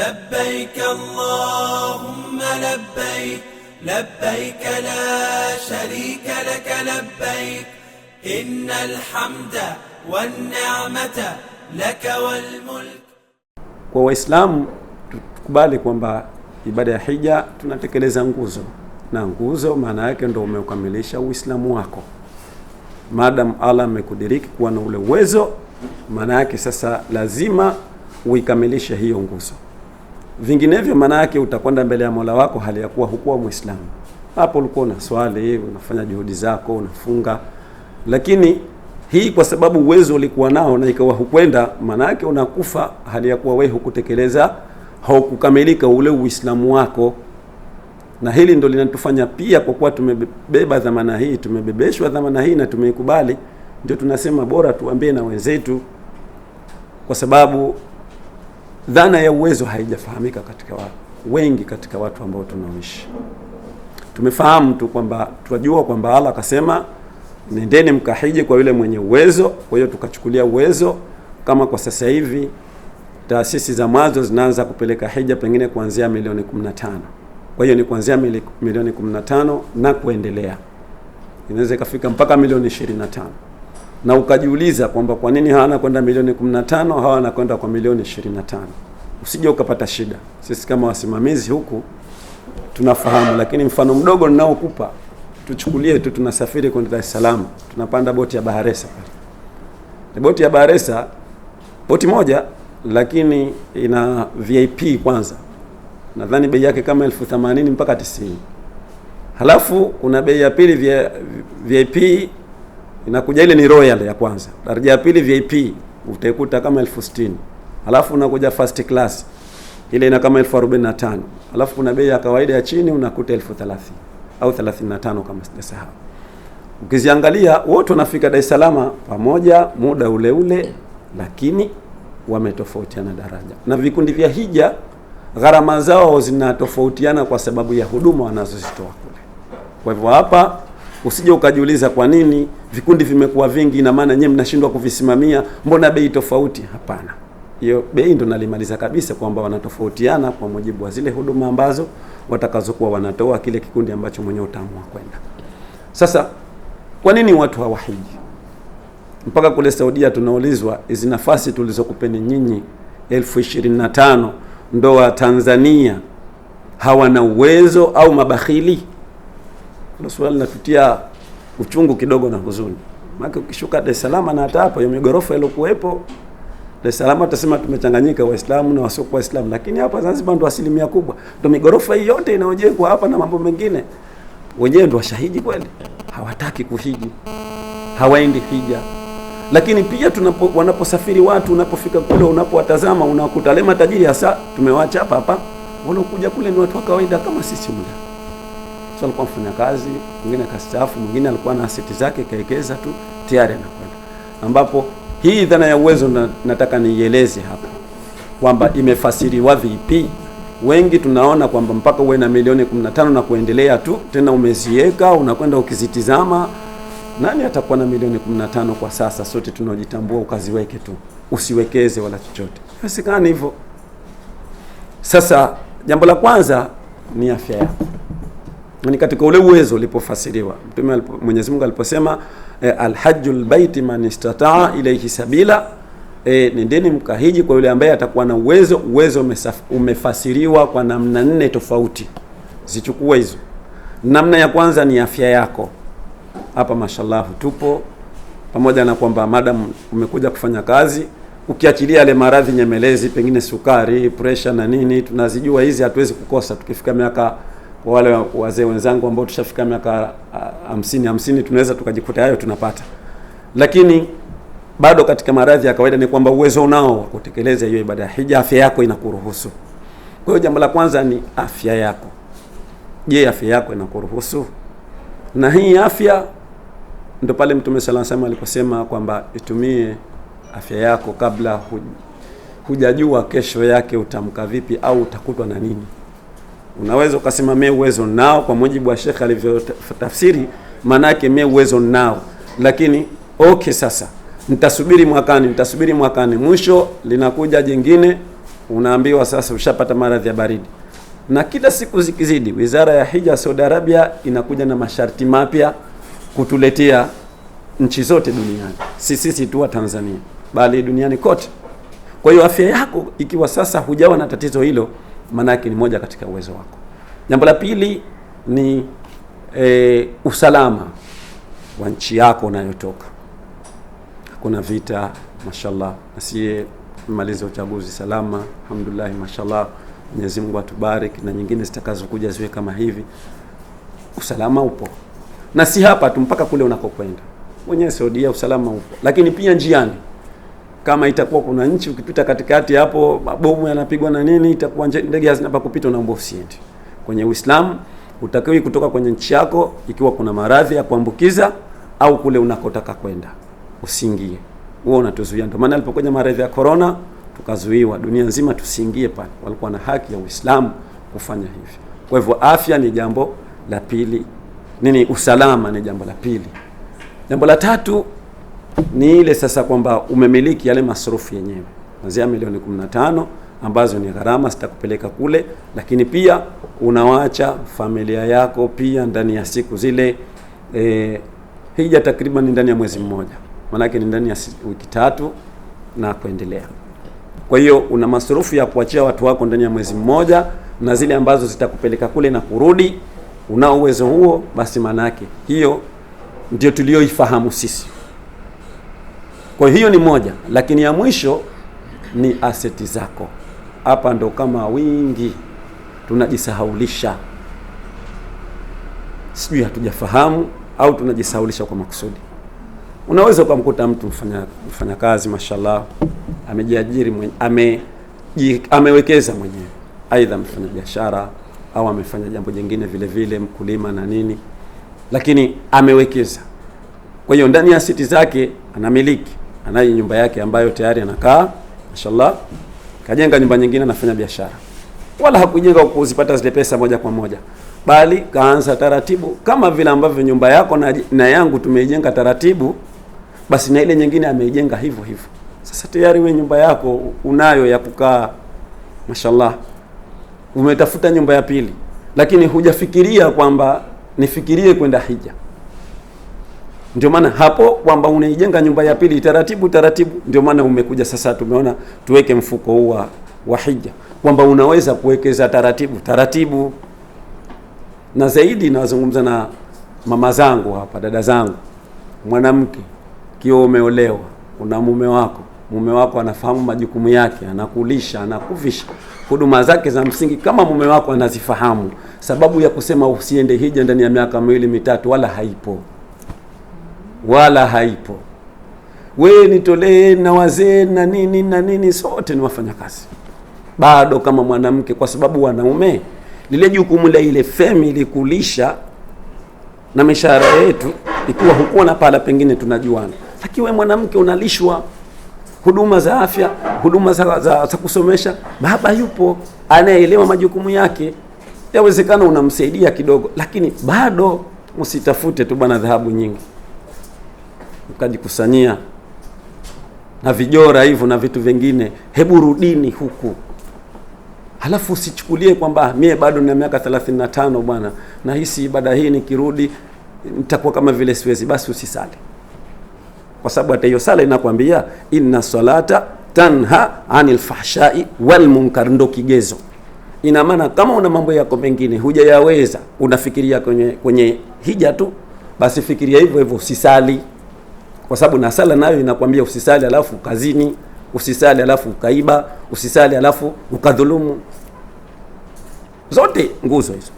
لبيك اللهم لبيك لبيك لا شريك لك لبيك إن الحمد والنعمة لك والملك Kwa Waislamu tukubali kwamba ibada ya hija tunatekeleza nguzo, na nguzo maana yake ndo umeukamilisha Uislamu wako. Madam Allah amekudiriki kuwa na ule uwezo, maana yake sasa lazima uikamilishe hiyo nguzo. Vinginevyo maana yake utakwenda mbele ya Mola wako hali ya kuwa hukuwa Muislamu. Hapo ulikuwa unaswali, unafanya juhudi zako, unafunga, lakini hii kwa sababu uwezo ulikuwa nao na ikawa hukwenda, maana yake unakufa hali ya kuwa wewe hukutekeleza, haukukamilika ule Uislamu wako. Na hili ndo linatufanya pia, kwa kuwa tumebeba dhamana hii, tumebebeshwa dhamana hii na tumeikubali, ndio tunasema bora tuambie na wenzetu, kwa sababu Dhana ya uwezo haijafahamika katika wa, wengi katika watu ambao tunaoishi. Tumefahamu tu kwamba tunajua kwamba Allah akasema nendeni mkahiji kwa yule mwenye uwezo. Kwa hiyo tukachukulia uwezo kama kwa sasa hivi taasisi za mwanzo zinaanza kupeleka hija pengine kuanzia milioni 15. Kwa hiyo ni kuanzia milioni 15 na kuendelea, inaweza ikafika mpaka milioni 25 na ukajiuliza kwamba kwa nini hawa anakwenda milioni 15, hawa wanakwenda kwa milioni 25, usije ukapata shida. Sisi kama wasimamizi huku tunafahamu, lakini mfano mdogo ninaokupa, tuchukulie tu tunasafiri kwenda Dar es Salaam, tunapanda boti ya Baharesa pale. Boti ya Baharesa boti moja, lakini ina VIP kwanza, nadhani bei yake kama elfu themanini mpaka tisini. Halafu kuna bei ya pili VIP inakuja ile ni royal ya kwanza, daraja ya pili VIP utaikuta kama elfu sitini alafu unakuja first class ile ina kama elfu arobaini na tano alafu kuna bei ya kawaida ya chini unakuta elfu thelathini au 35 kama sijasahau. Ukiziangalia wote wanafika Dar es Salaam pamoja muda ule ule, lakini wametofautiana daraja na vikundi vya hija, gharama zao zinatofautiana kwa sababu ya huduma wanazozitoa kule. Kwa hivyo hapa Usije ukajiuliza kwa nini vikundi vimekuwa vingi, ina maana nyewe mnashindwa kuvisimamia, mbona bei tofauti? Hapana, hiyo bei ndo nalimaliza kabisa kwamba wanatofautiana kwa mujibu wa zile huduma ambazo watakazokuwa wanatoa kile kikundi ambacho mwenyewe utaamua kwenda. Sasa kwa nini watu hawahiji? Mpaka kule Saudia tunaulizwa hizi nafasi tulizokupeni nyinyi elfu ishirini na tano ndo wa Tanzania hawana uwezo au mabakhili? kuna swali la kutia uchungu kidogo na huzuni, maana ukishuka Dar es Salaam na hata hapa migorofa iliyokuwepo Dar es Salaam utasema tumechanganyika Waislamu na wasio Waislamu, lakini hapa Zanzibar ndo asilimia kubwa, ndo migorofa hii yote inayojengwa hapa na mambo mengine, wenyewe ndo washahidi kweli, hawataki kuhiji, hawaendi hija. Lakini pia tunapo, wanaposafiri watu, unapofika kule, unapowatazama unakuta wale matajiri hasa tumewacha hapa hapa, wanaokuja kule ni watu wa kawaida kama sisi mle So alikuwa mfanya kazi mwingine, kastaafu, mwingine alikuwa na asiti zake kaekeza tu tayari anakwenda, ambapo hii dhana ya uwezo na, nataka nieleze hapa kwamba imefasiriwa vipi. Wengi tunaona kwamba mpaka uwe na milioni 15 na kuendelea tu, tena umezieka unakwenda ukizitizama. Nani atakuwa na milioni 15 kwa sasa? Sote tunaojitambua ukaziweke tu, usiwekeze wala chochote, haiwezekani hivyo. Sasa jambo la kwanza ni afya yako ni katika ule uwezo ulipofasiriwa Mtume alipo, Mwenyezi Mungu aliposema e, alhajjul baiti man istataa ilayhi sabila e, nendeni mkahiji kwa yule ambaye atakuwa na uwezo. Uwezo umefasiriwa kwa namna nne tofauti, zichukua hizo. Namna ya kwanza ni afya yako. Hapa mashallah tupo pamoja na kwamba madam umekuja kufanya kazi, ukiachilia yale maradhi nyemelezi, pengine sukari, pressure na nini, tunazijua hizi, hatuwezi kukosa tukifika miaka kwa wale wazee wenzangu ambao tushafika miaka ah, hamsini hamsini, tunaweza tukajikuta hayo tunapata, lakini bado katika maradhi ya kawaida ni kwamba uwezo unao wa kutekeleza hiyo ibada ya hija, afya yako inakuruhusu. Kwa hiyo jambo la kwanza ni afya yako. Je, afya yako inakuruhusu? Na hii afya ndo pale Mtume sala salam aliposema kwamba itumie afya yako kabla hujajua kesho yake utamka vipi au utakutwa na nini. Unaweza ukasema mie uwezo nao, kwa mujibu wa shekhe alivyotafsiri, maanake mie uwezo nao, lakini okay, sasa nitasubiri mwakani, nitasubiri mwakani. Mwisho linakuja jingine, unaambiwa sasa ushapata maradhi ya baridi. Na kila siku zikizidi, wizara ya hija Saudi Arabia inakuja na masharti mapya kutuletea nchi zote duniani, si sisi tu wa Tanzania, bali duniani kote. Kwa hiyo afya yako ikiwa sasa hujawa na tatizo hilo maanake ni moja katika uwezo wako. Jambo la pili ni e, usalama wa nchi yako unayotoka. Hakuna vita, mashallah, nasiye maliza uchaguzi salama, alhamdulillah, mashallah. Mwenyezi Mungu atubarik na nyingine zitakazokuja ziwe kama hivi. Usalama upo na si hapa tu, mpaka kule unakokwenda mwenyewe Saudia, usalama upo, lakini pia njiani kama itakuwa kuna nchi ukipita katikati hapo mabomu yanapigwa na nini, itakuwa ndege hazina pa kupita, unaomba usiende. Kwenye Uislamu utakiwi kutoka kwenye nchi yako ikiwa kuna maradhi ya kuambukiza au kule unakotaka kwenda usiingie, huo unatuzuia. Ndio maana alipokuja maradhi ya corona tukazuiwa, dunia nzima tusiingie pale. Walikuwa na haki ya Uislamu kufanya hivyo. Kwa hivyo afya ni jambo la pili, nini, usalama ni jambo la pili. Jambo la tatu ni ile sasa kwamba umemiliki yale masrufu yenyewe kuanzia milioni 15 ambazo ni gharama zitakupeleka kule, lakini pia unawacha familia yako pia ndani ya siku zile e, hija takriban ndani ya mwezi mmoja, maanake ni ndani ya wiki tatu na kuendelea. Kwa hiyo una masrufu ya kuachia watu wako ndani ya mwezi mmoja, na zile ambazo zitakupeleka kule na kurudi, una uwezo huo, basi maanake hiyo ndio tulioifahamu sisi. Kwa hiyo ni moja, lakini ya mwisho ni aseti zako. Hapa ndo kama wingi tunajisahaulisha, sijui hatujafahamu au tunajisahaulisha kwa makusudi. Unaweza ukamkuta mtu mfanya kazi mashallah, amejiajiri mwenye, ame, amewekeza mwenyewe, aidha amefanya biashara au amefanya jambo jingine vile vile, mkulima na nini, lakini amewekeza. Kwa hiyo ndani ya aseti zake anamiliki anayo nyumba yake ambayo tayari anakaa, mashallah, kajenga nyumba nyingine, anafanya biashara, wala hakujenga kuzipata zile pesa moja kwa moja, bali kaanza taratibu, kama vile ambavyo nyumba yako na, na yangu tumeijenga taratibu, basi na ile nyingine ameijenga hivyo hivyo. Sasa tayari we nyumba yako unayo ya kukaa, mashallah, umetafuta nyumba ya pili, lakini hujafikiria kwamba nifikirie kwenda hija ndio maana hapo kwamba unaijenga nyumba ya pili taratibu taratibu, ndio maana umekuja sasa, tumeona tuweke mfuko huu wa hija kwamba unaweza kuwekeza taratibu taratibu, na zaidi nazungumza na mama zangu hapa, dada zangu, mwanamke kio, umeolewa, una mume wako, mume wako anafahamu majukumu yake, anakulisha, anakuvisha, huduma zake za msingi kama mume wako anazifahamu. Sababu ya kusema usiende hija ndani ya miaka miwili mitatu wala haipo wala haipo. we nitolee na wazee na nini na nini, sote ni wafanyakazi bado kama mwanamke, kwa sababu wanaume lile jukumu la ile family kulisha na mishahara yetu, ikiwa hukuwa na pala, pengine tunajuana, lakini wewe mwanamke unalishwa huduma za afya, huduma za, za, za kusomesha. Baba yupo anayeelewa majukumu yake, yawezekana unamsaidia kidogo, lakini bado msitafute tu bwana dhahabu nyingi tukajikusanyia na vijora hivyo na vitu vingine, hebu rudini huku. Halafu usichukulie kwamba ah, mie bado na miaka 35 bwana, nahisi ibada hii nikirudi nitakuwa kama vile siwezi. Basi usisali, kwa sababu hata hiyo sala inakwambia inna salata tanha anil fahshai wal munkar, ndo kigezo. Ina maana kama una mambo yako mengine hujayaweza, unafikiria kwenye kwenye hija tu, basi fikiria hivyo hivyo, usisali kwa sababu na sala nayo inakwambia usisali alafu kazini usisali alafu ukaiba, usisali alafu ukadhulumu. Zote nguzo hizo.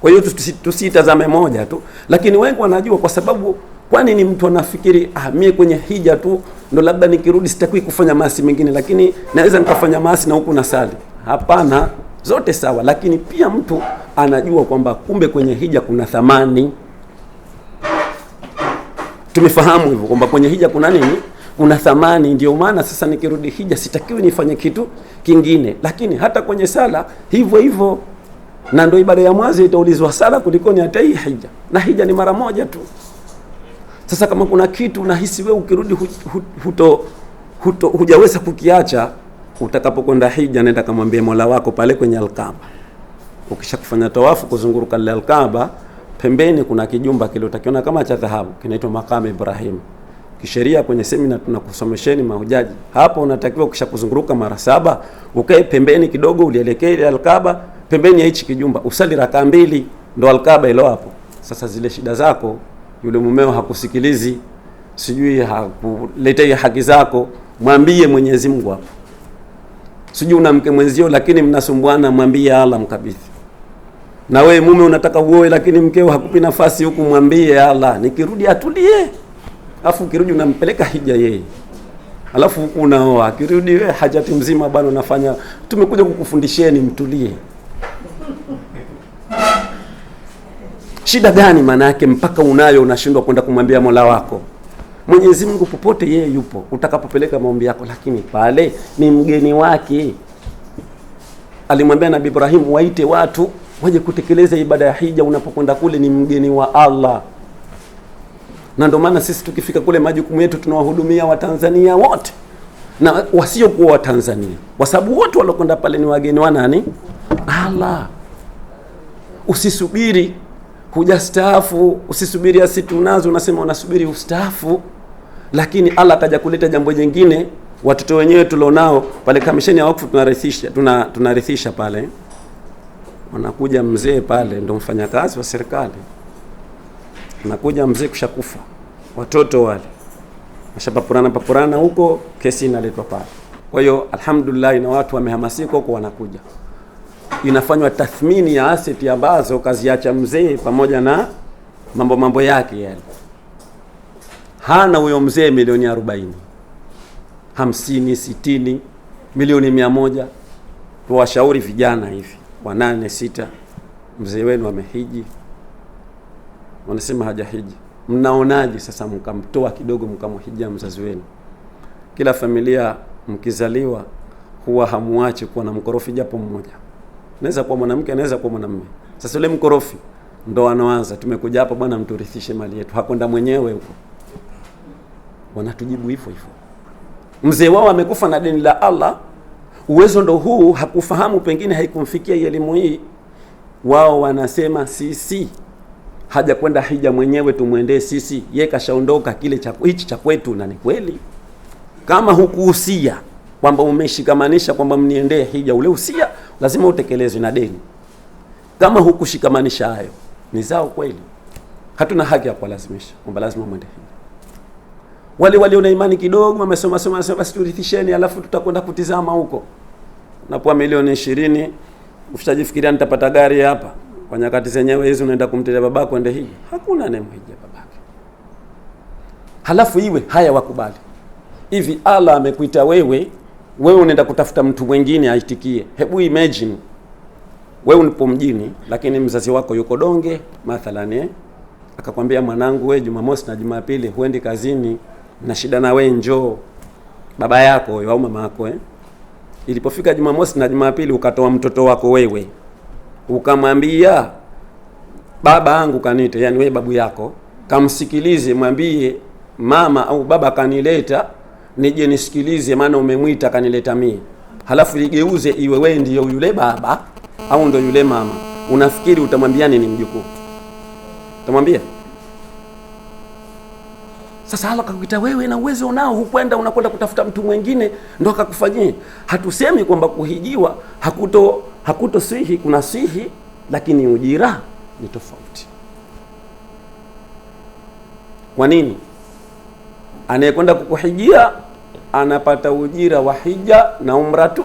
Kwa hiyo tusitazame moja tu, lakini wengi wanajua kwa sababu kwani ni mtu anafikiri ah, mie kwenye hija tu ndo labda nikirudi sitakui kufanya maasi mengine, lakini naweza nikafanya maasi na huku na sali. Hapana, zote sawa, lakini pia mtu anajua kwamba kumbe kwenye hija kuna thamani tumefahamu hivyo kwamba kwenye hija kuna nini, kuna thamani. Ndio maana sasa nikirudi hija sitakiwi nifanye kitu kingine, lakini hata kwenye sala hivyo hivyo. Na ndio ibada ya mwanzo itaulizwa sala kuliko ni hata hii hija, na hija ni mara moja tu. Sasa kama kuna kitu unahisi wewe ukirudi huto, huto hujaweza kukiacha, utakapokwenda hija, nenda kamwambie Mola wako pale kwenye Alkaba, ukishakufanya tawafu kuzunguruka lile Alkaaba pembeni kuna kijumba kile utakiona kama cha dhahabu kinaitwa Makamu Ibrahim. Kisheria kwenye semina tunakusomesheni mahujaji, hapo unatakiwa kisha kuzunguruka mara saba ukae okay, pembeni kidogo, ulielekea ile Alkaba pembeni ya hichi kijumba, usali raka mbili, ndo Alkaba ilo hapo. Sasa zile shida zako, yule mumeo hakusikilizi, sijui hakuletei haki zako, mwambie Mwenyezi Mungu hapo. Sijui una mke mwenzio, lakini mnasumbuana, mwambie Allah mkabidhi na we mume unataka uoe, lakini mkeo hakupi nafasi huku, mwambie Allah, nikirudi atulie. Alafu ukirudi unampeleka hija yeye, alafu huku unaoa. Akirudi wewe hajati mzima, bwana unafanya, tumekuja kukufundisheni mtulie. Shida gani? Maana yake mpaka unayo unashindwa kwenda kumwambia Mola wako. Mwenyezi Mungu popote yeye yupo, utakapopeleka maombi yako, lakini pale ni mgeni wake. Alimwambia Nabii Ibrahim, waite watu waje kutekeleza ibada ya hija. Unapokwenda kule ni mgeni wa Allah, na ndio maana sisi tukifika kule majukumu yetu tunawahudumia Watanzania wote na wasiokuwa Watanzania, kwa sababu wote waliokwenda pale ni wageni wa nani? Allah. Usisubiri hujastaafu, usisubiri tunazo, unasema unasubiri ustaafu, lakini Allah ataja kuleta jambo jingine. Watoto wenyewe tulionao pale kamisheni ya wakfu tunarithisha, tunarithisha pale wanakuja mzee pale, ndo mfanyakazi wa serikali, anakuja mzee kushakufa, watoto wale washapapurana papurana huko, kesi inaletwa pale. Kwa hiyo alhamdulillah, na watu wamehamasika huko, wanakuja inafanywa tathmini ya aseti ambazo kaziacha mzee pamoja na mambo mambo yake yale. Hana huyo mzee milioni 40, 50, 60, milioni 100. Tuwashauri vijana hivi wanane sita, mzee wenu amehiji, wanasema hajahiji. Mnaonaje sasa mkamtoa kidogo mkamhijia mzazi wenu? Kila familia mkizaliwa huwa hamuachi kuwa na mkorofi japo mmoja, naweza kuwa mwanamke, anaweza kuwa mwanamume. Sasa yule mkorofi ndo anaanza, tumekuja hapa bwana, mturithishe mali yetu, hakwenda mwenyewe huko. Wanatujibu hivyo hivyo, mzee wao amekufa na deni la Allah uwezo ndo huu, hakufahamu pengine haikumfikia elimu hii. Wao wanasema sisi haja kwenda hija mwenyewe, tumwendee sisi, ye kashaondoka kile cha hichi cha kwetu. Na ni kweli kama hukuhusia kwamba umeshikamanisha kwamba mniendee hija, ule usia lazima utekelezwe na deni. Kama hukushikamanisha hayo, ni zao kweli, hatuna haki ya kuwalazimisha kwamba lazima mwende hija wale walio na imani kidogo wamesoma soma sema, basi turithisheni, alafu tutakwenda kutizama huko. Unapoa milioni ishirini ushajifikiria nitapata gari hapa kwa nyakati zenyewe hizi, unaenda kumtetea babako ende hija? Hakuna anayemhija babake. Halafu iwe haya wakubali hivi, Allah amekuita wewe, wewe unaenda kutafuta mtu mwingine aitikie. Hebu imagine wewe unipo mjini, lakini mzazi wako yuko donge mathalani, eh? akakwambia mwanangu, wewe Jumamosi na Jumapili huendi kazini na shida na wewe njoo, baba yako huyo au mama yako eh? Ilipofika Jumamosi na Jumapili ukatoa mtoto wako wewe ukamwambia baba yangu kanite, yani wewe babu yako, kamsikilize, mwambie mama au baba kanileta, nije nisikilize, maana umemwita kanileta mie. Halafu igeuze iwe wewe ndio yule baba au ndio yule mama. Unafikiri utamwambia nini mjukuu? Utamwambia sasa halo kakuita wewe na uwezo unao, hukwenda unakwenda kutafuta mtu mwingine ndo akakufanyie. Hatusemi kwamba kuhijiwa hakuto hakuto sihi, kuna sihi, lakini ujira ni tofauti. Kwa nini? Anayekwenda kukuhijia anapata ujira wa hija na umra tu.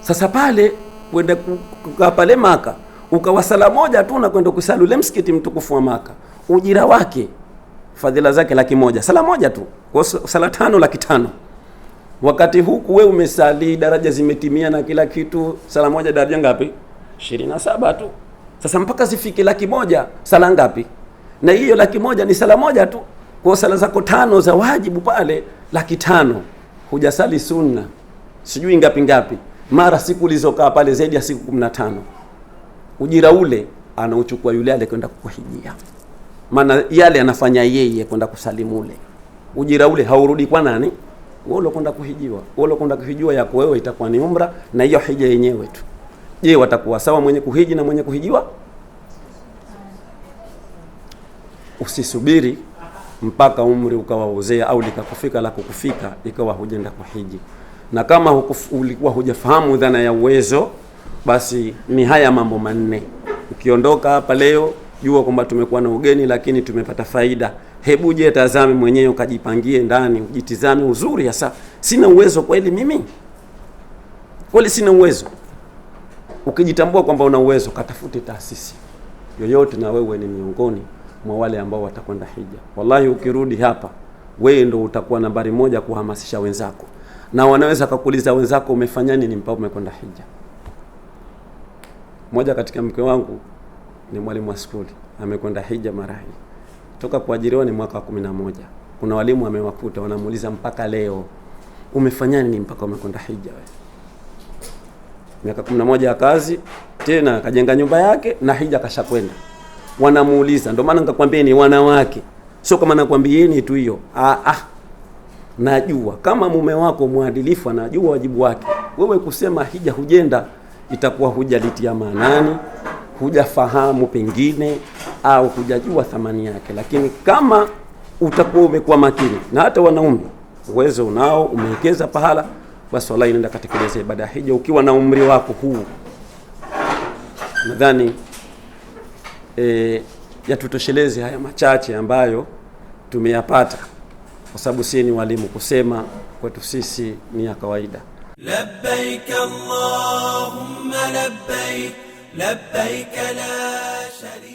Sasa pale kwenda kukaa pale Maka ukawa sala moja tu na kwenda kusali ule msikiti mtukufu wa Maka, ujira wake fadhila zake laki moja sala moja tu kwa sala tano laki tano wakati huku we umesali daraja zimetimia na kila kitu sala moja daraja ngapi ishirini na saba tu sasa mpaka zifike laki moja sala ngapi na hiyo laki moja ni sala moja tu kwa sala zako tano za wajibu pale laki tano hujasali sunna sijui ngapi ngapi mara siku ulizokaa pale zaidi ya siku kumi na tano ujira ule anauchukua yule alikwenda kukuhijia maana yale anafanya yeye kwenda kusalimu ule ujira ule haurudi kwa nani? Wewe ulokwenda kuhijiwa, wewe ulokwenda kuhijiwa yako wewe itakuwa ni umra na hiyo hija yenyewe tu. Je, watakuwa sawa mwenye kuhiji na mwenye kuhijiwa? Usisubiri mpaka umri uzee au likakufika la kukufika ikawa hujenda kuhiji, na kama ulikuwa hujafahamu dhana ya uwezo, basi ni haya mambo manne. Ukiondoka hapa leo jua kwamba tumekuwa na ugeni lakini tumepata faida. Hebu je, tazame mwenyewe ukajipangie ndani, ujitizame uzuri. Hasa sina uwezo kweli, mimi kweli sina uwezo. Ukijitambua kwamba una uwezo, katafute taasisi yoyote, na wewe ni miongoni mwa wale ambao watakwenda hija. Wallahi, ukirudi hapa wewe ndo utakuwa nambari moja kuhamasisha wenzako, na wanaweza kukuuliza wenzako, umefanya nini mpaka umekwenda hija? Moja katika mke wangu ni mwalimu wa skuli, amekwenda hija mara hii toka kuajiriwa ni mwaka wa moja. Kuna walimu amewakuta wanamuuliza mpaka leo umefanya nini mpaka umekwenda hija we? Miaka moja ya kazi tena, akajenga nyumba yake na hija kashakwenda, wanamuuliza. Ndio maana nikakwambia ni wanawake, sio kama nakwambieni tu hiyo. Ah, ah, najua kama mume wako mwadilifu anajua wajibu wake, wewe kusema hija hujenda itakuwa hujalitia maanani hujafahamu pengine au hujajua thamani yake, lakini kama utakuwa umekuwa makini, na hata wanaume uwezo unao, umewekeza pahala, basi wallahi inaenda katekeleza ibada ya hija ukiwa na umri wako huu. Nadhani e, yatutosheleze haya machache ambayo tumeyapata, kwa sababu sie ni walimu, kusema kwetu sisi ni ya kawaida. labbaik allahumma labbaik لبيك لا شريك